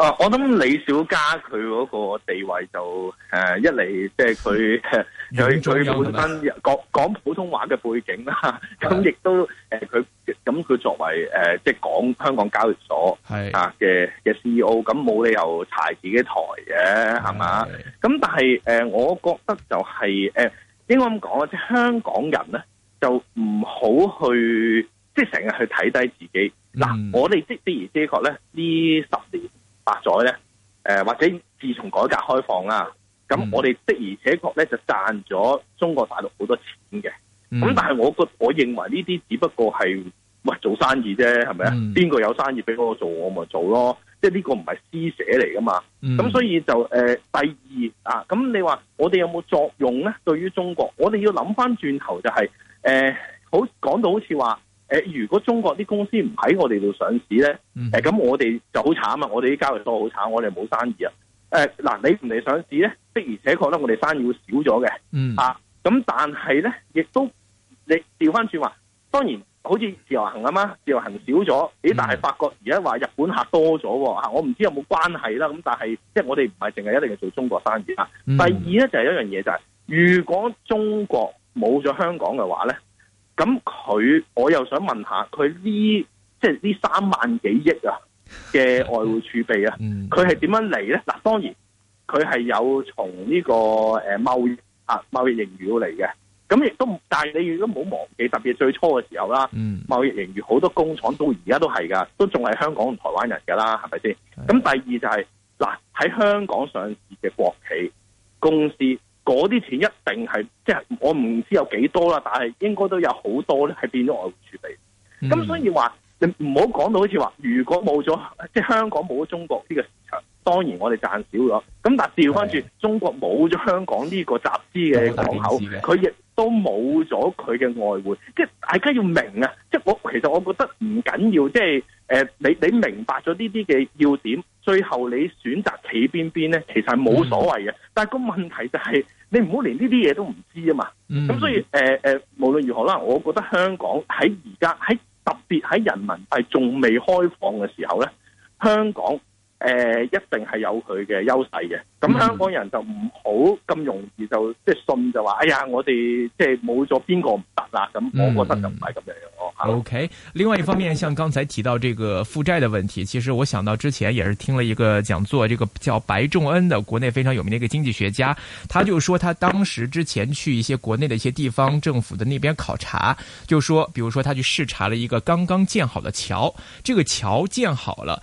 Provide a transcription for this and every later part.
啊！我諗李小加佢嗰個地位就一嚟，即係佢佢佢本身講講普通話嘅背景啦，咁亦都佢咁佢作為即係講香港交易所啊嘅嘅 C E O，咁冇理由踩自己台嘅係嘛？咁但係、呃、我覺得就係、是、誒、呃、應該咁講啊，即、就、係、是、香港人咧就唔好去即係成日去睇低自己。嗱、嗯，我哋即的而且確呢，呢十年。八載咧，或者自從改革開放啦，咁我哋的而且確咧就賺咗中國大陸好多錢嘅。咁、嗯、但係我覺得，我認為呢啲只不過係喂做生意啫，係咪啊？邊個有生意俾我做，我咪做咯。即係呢個唔係施捨嚟噶嘛。咁、嗯、所以就、呃、第二啊，咁你話我哋有冇作用咧？對於中國，我哋要諗翻轉頭就係、是呃、好講到好似話。誒，如果中國啲公司唔喺我哋度上市咧，誒、嗯，咁我哋就好慘啊！我哋啲交易多好慘，我哋冇生意啊！誒，嗱，你唔嚟上市咧，的而且確咧，我哋生意會少咗嘅。嗯啊，咁但係咧，亦都你調翻轉話，當然好似自由行啊嘛，自由行少咗，咦？但係發覺而家話日本客多咗，吓，我唔知有冇關係啦。咁但係，即係我哋唔係淨係一定係做中國生意啊、嗯。第二咧就係、是、一樣嘢就係、是，如果中國冇咗香港嘅話咧。咁佢，我又想問下佢呢，即係呢三萬幾億啊嘅外匯儲備啊，佢係點樣嚟呢？嗱，當然佢係有從呢個誒貿易啊貿易盈餘嚟嘅，咁亦都，但係你如果冇忘記，特別最初嘅時候啦、嗯，貿易盈餘好多工廠到都而家都係噶，都仲係香港同台灣人噶啦，係咪先？咁、嗯、第二就係嗱，喺香港上市嘅國企公司。嗰啲錢一定係，即係我唔知有幾多啦，但係應該都有好多咧，係變咗外匯儲備。咁所以話，你唔好講到好似話，如果冇咗，即係香港冇咗中國呢個市場，當然我哋賺少咗。咁但係調翻轉，中國冇咗香港呢個集資嘅港口，佢亦。都冇咗佢嘅外匯，即係大家要明啊！即係我其實我覺得唔緊要，即係誒你你明白咗呢啲嘅要點，最後你選擇企邊邊咧，其實係冇所謂嘅。嗯、但係個問題就係、是、你唔好連呢啲嘢都唔知啊嘛。咁、嗯、所以誒誒、呃、無論如何啦，我覺得香港喺而家喺特別喺人民幣仲未開放嘅時候咧，香港。誒、呃，一定係有佢嘅優勢嘅。咁香港人就唔好咁容易就即係、嗯、信就話，哎呀，我哋即係冇咗邊個唔得啦。咁我覺得就唔係咁樣。嗯啊、o、okay, K，另外一方面，像剛才提到這個負債的問題，其實我想到之前也是聽了一個講座，這個叫白重恩的國內非常有名的一個經濟學家，他就說他當時之前去一些國內的一些地方政府的那邊考察，就說，比如說他去視察了一個剛剛建好的橋，這個橋建好了。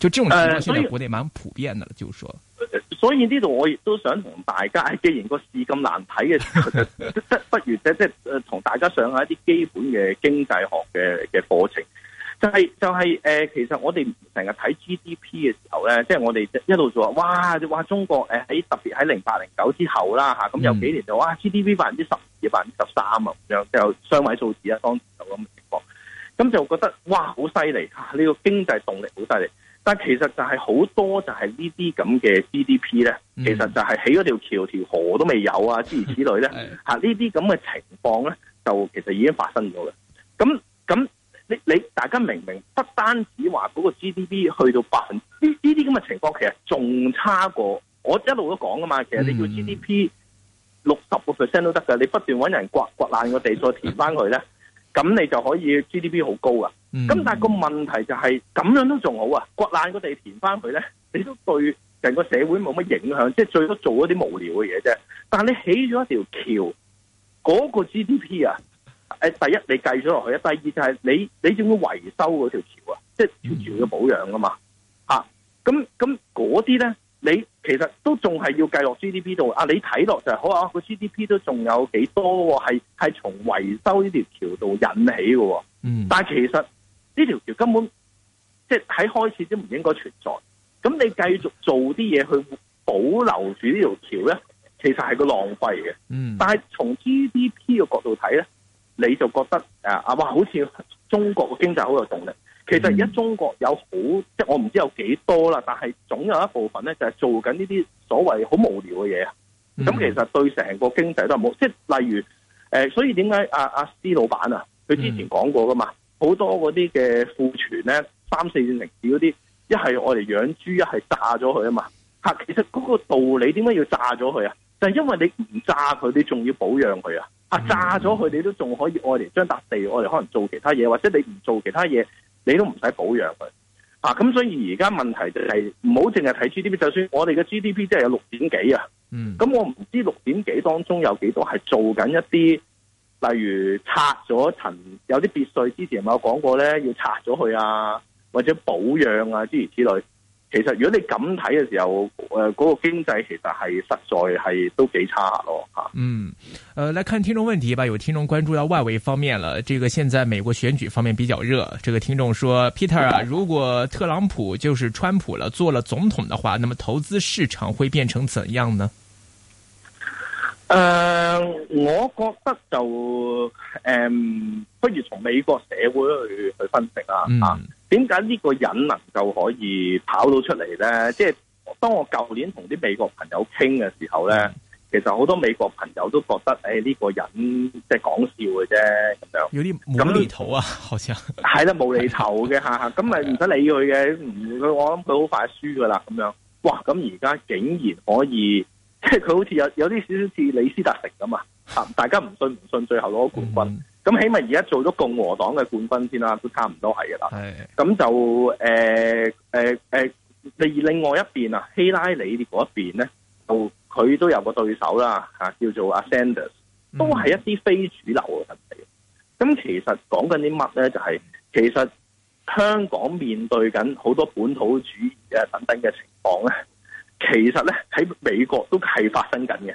就這種情況，現在國內蠻普遍的、呃，就說。所以呢度我亦都想同大家，既然個事咁難睇嘅， 不如即係，同、呃、大家上下一啲基本嘅經濟學嘅嘅課程。就係、是、就係、是、誒、呃，其實我哋成日睇 GDP 嘅時候咧，即、就、係、是、我哋一路就話，哇，哇，中國誒喺特別喺零八零九之後啦吓，咁、啊、有幾年就、嗯、哇 GDP 百分之十二，百分之十三啊，咁樣就有雙位數字啊，當時就咁嘅情況。咁就覺得哇，好犀利，呢個經濟動力好犀利。但其實就係好多就係呢啲咁嘅 GDP 咧，其實就係起嗰條橋條河都未有啊，諸如此類咧，吓呢啲咁嘅情況咧，就其實已經發生咗啦。咁咁你你大家明明不單止話嗰個 GDP 去到百分，呢呢啲咁嘅情況其實仲差過我一路都講噶嘛。其實你叫 GDP 六十個 percent 都得噶，你不斷搵人掘掘爛個地再填翻佢咧，咁你就可以 GDP 好高噶。咁、嗯、但係個問題就係、是、咁樣都仲好啊，掘爛個地填翻佢咧，你都對成個社會冇乜影響，即係最多做一啲無聊嘅嘢啫。但係你起咗一條橋，嗰、嗰個 GDP 啊，誒，第一你計咗落去，啊，第二就係你你仲要維修嗰條橋啊，即係條橋要保養噶嘛，吓，咁咁嗰啲咧，你其實都仲係要計落 GDP 度啊。你睇落就係好啊，個 GDP 都仲有幾多係係從維修呢條橋度引起嘅，但係其實。呢條橋根本即係喺開始都唔應該存在，咁你繼續做啲嘢去保留住呢條橋咧，其實係個浪費嘅。嗯，但係從 GDP 嘅角度睇咧，你就覺得啊啊，哇，好似中國嘅經濟好有動力。其實而家中國有好即係我唔知有幾多啦，但係總有一部分咧就係做緊呢啲所謂好無聊嘅嘢啊。咁、嗯、其實對成個經濟都係冇，即係例如誒，所以點解阿阿 C 老闆啊，佢之前講過噶嘛？好多嗰啲嘅庫存咧，三四線城市嗰啲，一係我哋養豬，一係炸咗佢啊嘛嚇！其實嗰個道理點解要炸咗佢啊？就係因為你唔炸佢，你仲要保養佢啊嚇！炸咗佢，你都仲可以用嚟將笪地，用嚟可能做其他嘢，或者你唔做其他嘢，你都唔使保養佢啊！咁所以而家問題就係唔好淨係睇 GDP，就算我哋嘅 GDP 即係有六點幾啊，嗯，咁我唔知六點幾當中有幾多係做緊一啲。例如拆咗層有啲別墅，之前有我講過咧，要拆咗佢啊，或者保養啊諸如此類。其實如果你咁睇嘅時候，誒、呃、嗰、那個經濟其實係實在係都幾差咯吓。嗯，呃，來看聽眾問題吧。有聽眾關注到外圍方面了，這個現在美國選舉方面比較熱。這個聽眾說，Peter 啊，如果特朗普就是川普了做了總統的話，那麼投資市場會變成怎樣呢？誒、呃，我覺得就誒、呃，不如從美國社會去去分析啦。啊，點解呢個人能夠可以跑到出嚟咧？即係當我舊年同啲美國朋友傾嘅時候咧、嗯，其實好多美國朋友都覺得誒，呢個人即係講笑嘅啫，咁樣有啲無厘頭啊，好似係啦，冇厘頭嘅吓，咁咪唔使理佢嘅，唔 佢 我諗佢好快輸噶啦，咁樣哇，咁而家竟然可以。即係佢好似有有啲少少似李斯特城咁啊！大家唔信唔信，不信最後攞冠軍咁， 咁起碼而家做咗共和黨嘅冠軍先啦，都差唔多係噶啦。咁 就誒誒誒，另、呃呃呃、另外一邊啊，希拉里嗰邊咧，就、哦、佢都有個對手啦，吓、啊、叫做阿 Sanders，都係一啲非主流嘅人嚟。咁 其實講緊啲乜咧？就係、是、其實香港面對緊好多本土主義嘅等等嘅情況咧。其實咧喺美國都係發生緊嘅，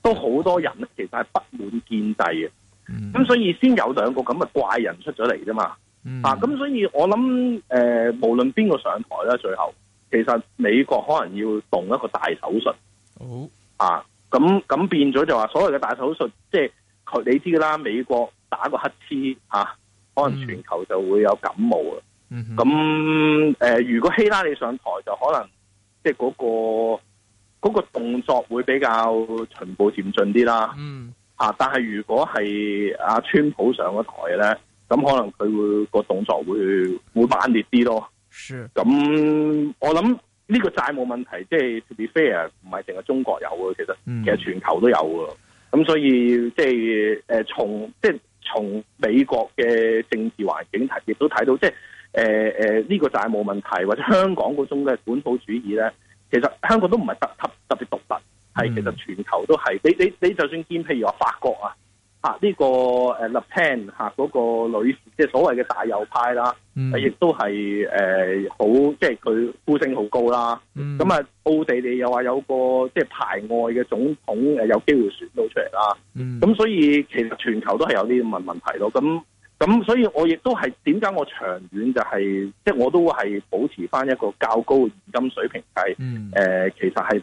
都好多人咧其實係不滿建制嘅，咁、mm. 所以先有兩個咁嘅怪人出咗嚟，啫嘛，mm. 啊咁所以我諗誒、呃、無論邊個上台咧，最後其實美國可能要動一個大手術，oh. 啊咁咁變咗就話所謂嘅大手術，即係佢你知噶啦，美國打個乞嗤吓、啊，可能全球就會有感冒啦，咁誒、mm -hmm. 呃、如果希拉里上台就可能。即係嗰個嗰個動作會比較循步漸進啲啦，嗯，嚇！但係如果係阿川普上咗台咧，咁可能佢會個動作會會猛烈啲咯。是，咁我諗呢個債務問題，即係 to be fair 唔係淨係中國有嘅，其實其實全球都有嘅。咁所以即係誒，從即係從美國嘅政治環境睇，亦都睇到即係。誒、呃、誒，呢、呃這個債務問題或者香港嗰種嘅本土主義咧，其實香港都唔係特級特別獨特，係其實全球都係、嗯。你你你，你就算兼譬如話法國啊，嚇、這、呢個誒 Le Pen 嚇嗰個女士，即係所謂嘅大右派啦，亦、嗯、都係誒、呃、好，即係佢呼聲好高啦。咁、嗯、啊，奧地利又話有個即係排外嘅總統誒有機會選到出嚟啦。咁、嗯、所以其實全球都係有啲咁嘅問題咯。咁咁所以我，我亦都係點解我長遠就係即係我都係保持翻一個較高嘅現金水平係誒、呃、其實係。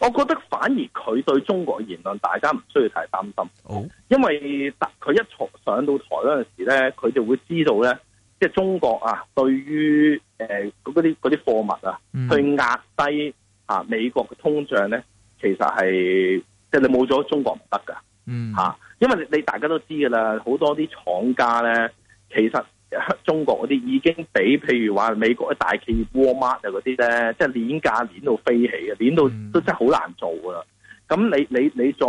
我覺得反而佢對中國嘅言論，大家唔需要太擔心。Oh. 因為佢一上上到台嗰陣時咧，佢就會知道咧，即係中國啊，對於誒嗰啲啲貨物啊，mm. 去壓低嚇、啊、美國嘅通脹咧，其實係即係你冇咗中國唔得噶。嗯、mm. 嚇、啊，因為你，你大家都知噶啦，好多啲廠家咧，其實。中國嗰啲已經比，譬如話美國啲大企業 Walmart 啊嗰啲咧，即係碾價碾到飛起啊，碾到都真係好難做噶啦。咁你你你再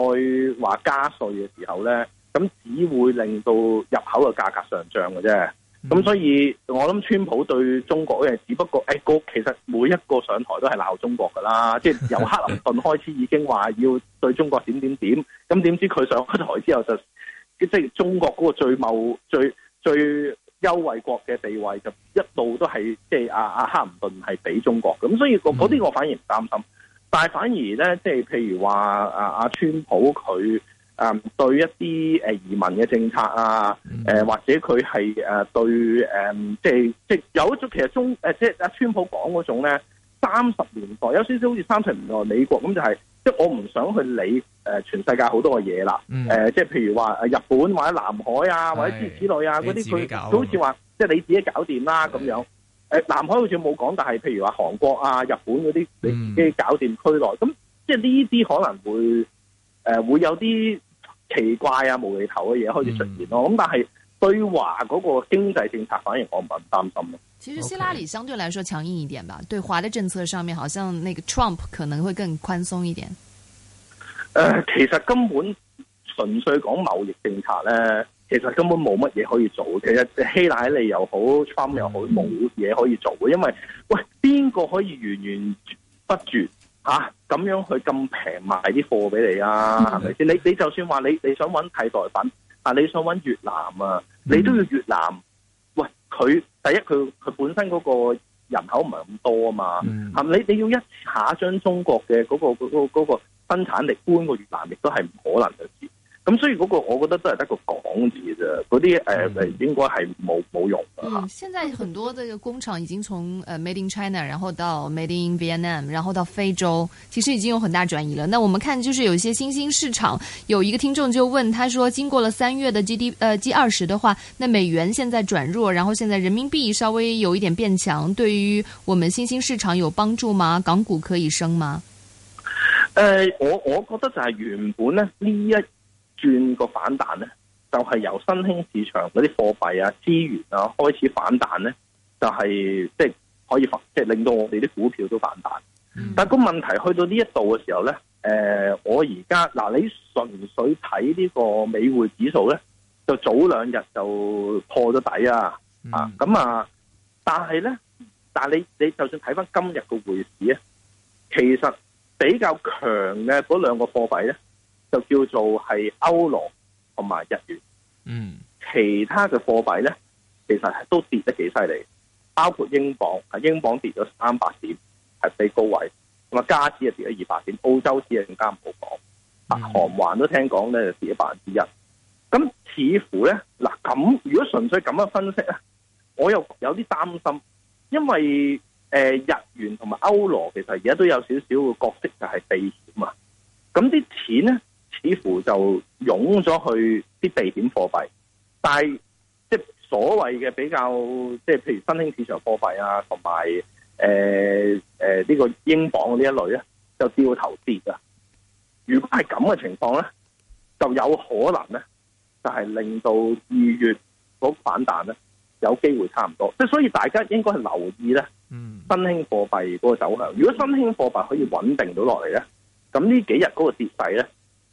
話加稅嘅時候咧，咁只會令到入口嘅價格上漲嘅啫。咁所以，我諗川普對中國嘅只不過，誒、哎，個其實每一個上台都係鬧中國噶啦， 即係由克林頓開始已經話要對中國點點點，咁點知佢上台之後就即係中國嗰個最茂最最，最優惠國嘅地位就一度都係即係阿阿克林頓係畀中國咁，所以嗰啲我反而唔擔心，但係反而咧即係譬如話阿阿川普佢誒、嗯、對一啲誒移民嘅政策啊，誒、呃、或者佢係誒對誒、嗯、即係即係有一種其實中誒、啊、即係阿、啊、川普講嗰種咧三十年代有少少好似三十年代美國咁就係。即係我唔想去理誒全世界好多嘅嘢啦，誒即係譬如話誒日本或者南海啊或者之類啊嗰啲，佢好似話即係你自己搞掂啦咁樣。誒南海好似冇講，但係譬如話韓國啊、日本嗰啲你自己搞掂區內，咁、嗯、即係呢啲可能會誒、呃、會有啲奇怪啊無厘頭嘅嘢開始出現咯。咁、嗯、但係。對華嗰個經濟政策，反而我唔咁擔心咯。其實希拉里相對來說強硬一點吧，對華的政策上面，好像那個 Trump 可能會更寬鬆一點。誒，其實根本純粹講貿易政策咧，其實根本冇乜嘢可以做。其實希拉里又好，Trump 又好，冇嘢可以做。因為喂，邊個可以源源不絕吓咁樣，啊，去咁平賣啲貨俾你啊？係咪先？你你就算話你你想揾替代品啊，你想揾越南啊？你都要越南，喂佢第一佢佢本身嗰個人口唔係咁多啊嘛，嚇、嗯、你你要一下將中國嘅、嗰個、嗰個、嗰個、生產力搬過越南，亦都係唔可能嘅。咁、嗯、所以嗰個我覺得都係得個講字啫，嗰啲誒係應該係冇冇用嘅㗎。嗯，現在很多嘅工廠已經從 Made in China，然後到 Made in Vietnam，然後到非洲，其實已經有很大轉移了。那我們看就是有些新興市場，有一個聽眾就問，他說經過了三月的 G D，呃 G 二十的話，那美元現在轉弱，然後現在人民幣稍微有一點變強，對於我們新興市場有幫助嗎？港股可以升嗎？呃我我覺得就係原本呢一。轉個反彈咧，就係、是、由新興市場嗰啲貨幣啊、資源啊開始反彈咧，就係即係可以即係令到我哋啲股票都反彈。嗯、但個問題去到呢一度嘅時候咧，誒、呃，我而家嗱，你純粹睇呢個美匯指數咧，就早兩日就破咗底啊，啊、嗯，咁啊，但係咧，但係你你就算睇翻今日個匯市咧，其實比較強嘅嗰兩個貨幣咧。就叫做係歐羅同埋日元，嗯，其他嘅貨幣咧，其實都跌得幾犀利，包括英鎊，啊，英鎊跌咗三百點，係比高位，咁啊，加紙啊跌咗二百點，澳洲紙更加唔好講，啊、嗯，韓圜都聽講咧跌咗百分之一，咁似乎咧嗱，咁，如果純粹咁樣分析啊，我又有啲擔心，因為誒、呃、日元同埋歐羅其實而家都有少少嘅角色就係避險啊，咁啲錢咧。似乎就湧咗去啲地點貨幣，但係即係所謂嘅比較，即係譬如新興市場貨幣啊，同埋誒誒呢個英鎊呢一類咧，就掉頭跌啊！如果係咁嘅情況咧，就有可能咧，就係令到二月嗰反彈咧有機會差唔多。即係所以大家應該係留意咧，嗯，新興貨幣嗰個走向。如果新興貨幣可以穩定到落嚟咧，咁呢幾日嗰個跌勢咧。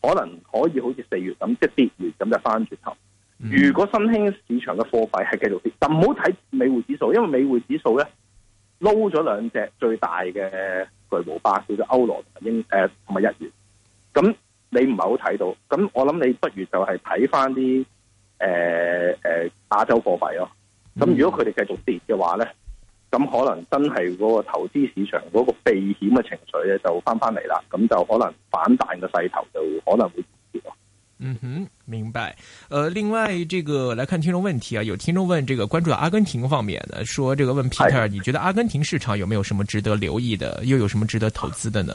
可能可以好似四月咁，即係跌完咁就翻轉頭。如果新興市場嘅貨幣係繼續跌，就唔好睇美匯指數，因為美匯指數咧撈咗兩隻最大嘅巨無霸，少咗歐羅英、誒同埋日元。咁你唔係好睇到，咁我諗你不如就係睇翻啲誒誒亞洲貨幣咯。咁如果佢哋繼續跌嘅話咧。咁可能真係嗰個投資市場嗰個避險嘅情緒咧，就返返嚟啦。咁就可能反彈嘅勢頭就可能會跌。嗯哼，明白。誒、呃，另外，這個來看聽眾問題啊，有聽眾問這個關注到阿根廷方面嘅，說，這個問 Peter，你覺得阿根廷市場有沒有什麼值得留意的？又有什麼值得投資的呢？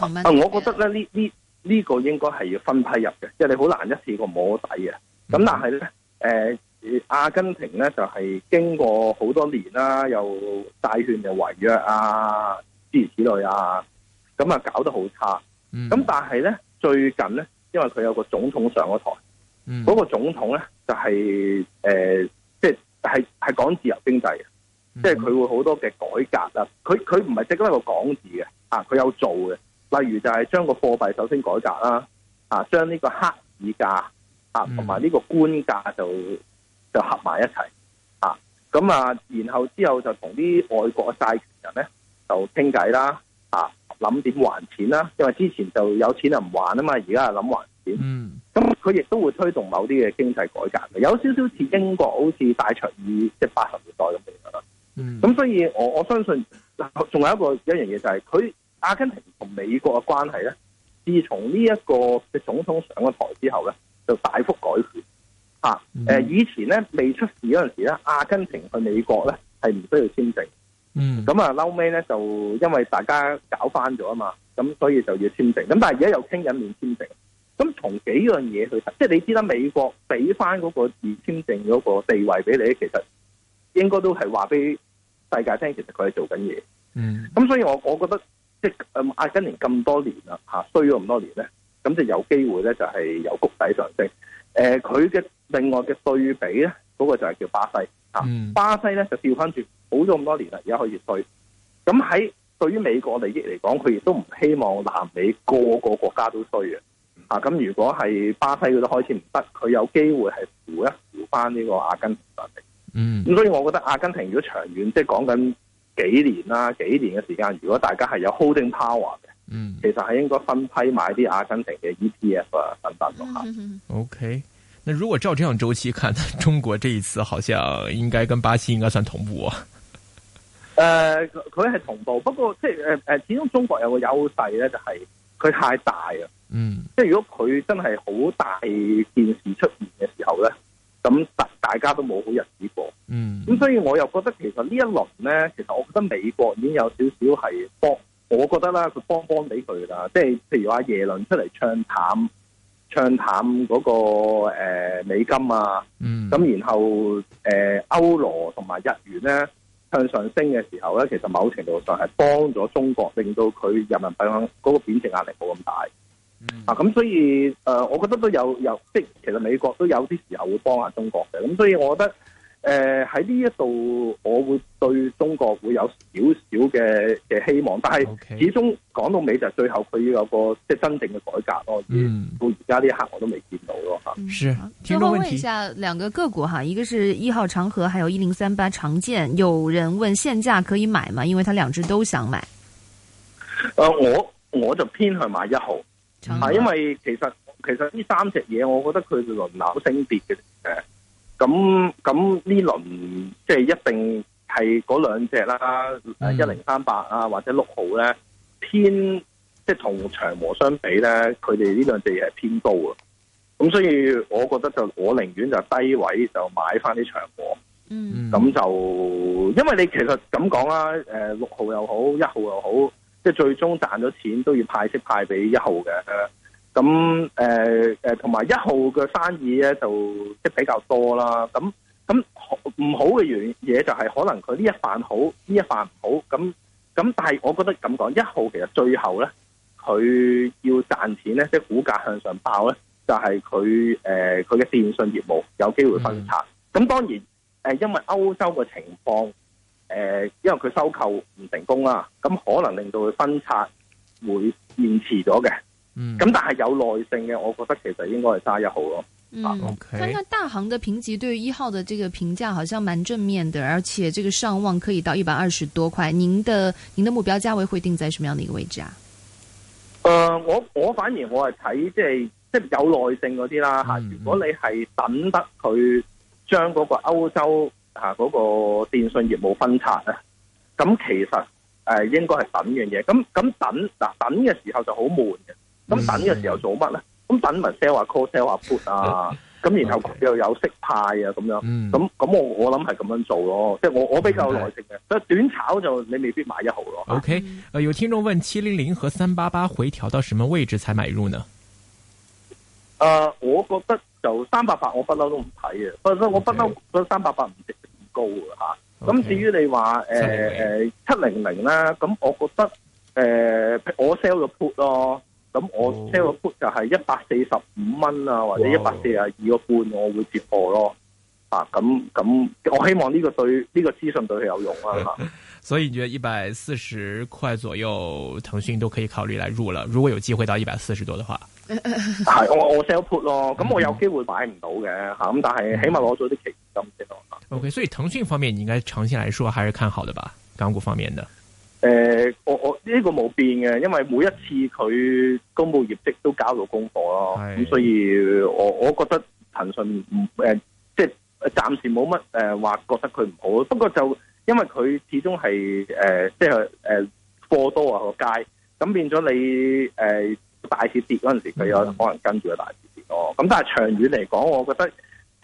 啊呃、我覺得呢呢呢、這個應該係要分批入嘅，即係你好難一次過摸底啊。咁、嗯、但係呢。誒、呃。阿根廷咧就係、是、經過好多年啦，又債券又違約啊，諸如此類啊，咁啊搞得好差。咁、mm -hmm. 但係咧最近咧，因為佢有個總統上咗台，嗰、mm -hmm. 個總統咧就係、是、誒，即係係係講自由經濟嘅，即係佢會好多嘅改革啦。佢佢唔係只係一個講字嘅，啊佢有做嘅。例如就係將個貨幣首先改革啦，啊將呢、啊、個黑市價啊同埋呢個官價就。就合埋一齊啊！咁啊，然後之後就同啲外國嘅債權人咧，就傾偈啦，啊，諗、啊、點還錢啦、啊，因為之前就有錢又唔還啊嘛，而家係諗還錢。嗯，咁佢亦都會推動某啲嘅經濟改革嘅，有少少似英國，好似戴卓爾即係八十年代咁嚟啦。嗯，咁所以我我相信，嗱，仲有一個一樣嘢就係、是、佢阿根廷同美國嘅關係咧，自從呢一個嘅總統上咗台之後咧，就大幅改善。誒、啊呃，以前咧，未出事嗰陣時咧，阿根廷去美國咧係唔需要簽證。嗯，咁啊嬲尾咧，就因為大家搞翻咗啊嘛，咁所以就要簽證，咁但係而家又傾緊免簽證。咁從幾樣嘢去睇，即係你知啦，美國俾翻嗰個免簽證嗰個地位俾你，其實應該都係話俾世界聽，其實佢係做緊嘢。嗯，咁所以我我覺得即係，阿根廷咁多年啦，吓、啊、衰咗咁多年咧，咁就有機會咧就係由谷底上升，誒、呃，佢嘅。另外嘅對比咧，嗰、嗰個就係叫巴西、啊嗯、巴西咧就調翻轉，好咗咁多年啦，而家可以衰。咁喺對於美國利益嚟講，佢亦都唔希望南美個個國家都衰嘅。咁如果係巴西佢都開始唔得，佢有機會係扶一扶翻呢個阿根廷。嗯，咁所以我覺得阿根廷如果長遠，即係講緊幾年啦、啊、幾年嘅時間，如果大家係有 holding power 嘅，嗯，其實係應該分批買啲阿根廷嘅 ETF 啊等等。嚇，O K。Okay。那如果照這樣周期看，中國這一次好像應該跟巴西應該算同步、啊呃。誒，佢係同步，不過即係誒誒，始終中國有個優勢咧，就係佢太大啦。嗯。即係如果佢真係好大件事出現嘅時候咧，咁大大家都冇好日子過。嗯。咁所以我又覺得其實呢一輪咧，其實我覺得美國已經有少少係幫，我覺得啦，佢幫幫俾佢啦，即係譬如話耶倫出嚟唱淡。向淡嗰、那個、呃、美金啊，咁、mm. 然後誒、呃、歐羅同埋日元咧向上升嘅時候咧，其實某程度上係幫咗中國，令到佢人民幣向嗰個貶值壓力冇咁大、mm. 啊。咁所以、呃、我覺得都有有，即係其實美國都有啲時候會幫下中國嘅。咁所以我覺得。誒、呃，喺呢一度我會對中國會有少少嘅嘅希望，但係始終講到尾就最後佢要有個即係真正嘅改革咯。嗯，到而家呢一刻我都未見到咯吓。是，最後問，問一下兩個個股哈，一個是一號長和，還有一零三八長建，有人問現價可以買嗎？因為他兩隻都想買。誒、呃，我我就偏向買一號，嗯，因為其實其實呢三隻嘢，我覺得佢嘅輪流升跌嘅誒。咁咁呢輪即係一定係嗰兩隻啦，誒一零三八啊或者六號咧，偏即係同長和相比咧，佢哋呢兩隻嘢係偏高啊。咁所以我覺得就我寧願就低位就買翻啲長和，嗯，咁就因為你其實咁講啦，誒六號又好，一號又好，即係最終賺咗錢都要派息派俾一號嘅。咁誒同埋一號嘅生意咧，就即比較多啦。咁咁唔好嘅原嘢就係可能佢呢一範好，呢一範唔好。咁咁，但係我覺得咁講，一號其實最後咧，佢要賺錢咧，即、就係、股價向上爆咧，就係佢誒佢嘅電信業務有機會分拆。咁、嗯、當然誒、呃，因為歐洲嘅情況誒、呃，因為佢收購唔成功啦，咁可能令到佢分拆會延遲咗嘅。咁、嗯、但係有耐性嘅，我覺得其實應該係揸一號咯。嗯，OK。睇大行的評級對於一號的這個評價，好像蠻正面的，而且這個上望可以到一百二十多塊。您的您的目標價位會定在什麼樣的一個位置啊？誒、呃，我我反而我係睇即係即係有耐性嗰啲啦吓、嗯。如果你係等得佢將嗰個歐洲吓、啊那個電信業務分拆咧，咁其實誒、呃、應該係等樣嘢。咁咁等嗱等嘅時候就好悶嘅。咁、嗯嗯、等嘅時候做乜咧？咁等埋 sell 話 call sell 話 put 啊，咁、啊啊、然後又有息派啊，咁樣咁咁我我諗係咁樣做咯，嗯、即係我我比較耐性嘅、嗯，所以短炒就你未必買一毫咯。OK，誒、啊，有聽眾問七零零和三八八回調到什麼位置才買入呢？誒、呃，我覺得就三八八我不嬲都唔睇嘅，okay, 不過我不嬲嗰三八八唔值咁高嘅吓。咁、okay, 啊、至於你話誒誒七零零啦，咁、呃、我覺得誒、呃、我 sell 咗 put 咯。咁我 sell put 就係一百四十五蚊啊，或者一百四十二個半，我會接貨咯，哦。啊，咁咁，我希望呢個對呢、這個資訊對佢有用啊、嗯。所以你覺得一百四十塊左右，騰訊都可以考慮嚟入啦。如果有機會到一百四十多嘅話，係我我 sell put 咯。咁我有機會買唔到嘅吓，咁、嗯、但係起碼攞咗啲期金先咯，啊。O、okay, K，所以騰訊方面，你應該長期嚟說還是看好的吧？港股方面的。誒、呃，我我呢、這個冇變嘅，因為每一次佢公布業績都交到功課咯，咁所以我我覺得騰訊唔誒，即係暫時冇乜誒話覺得佢唔好，不過就因為佢始終係誒即係誒、呃、過多啊個街，咁變咗你誒、呃、大市跌嗰陣時候，佢有可能跟住個大市跌咯，咁、嗯、但係長遠嚟講，我覺得。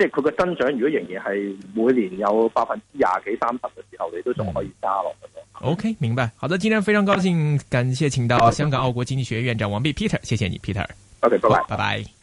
即係佢個增長，如果仍然係每年有百分之廿幾三十嘅時候，你都仲可以加落去嘅。嗯、o、okay, K，明白。好的，今天非常高興，感謝請到香港澳國經濟學院長王弼 Peter，謝謝你 Peter。O K，拜拜，拜拜。Bye bye。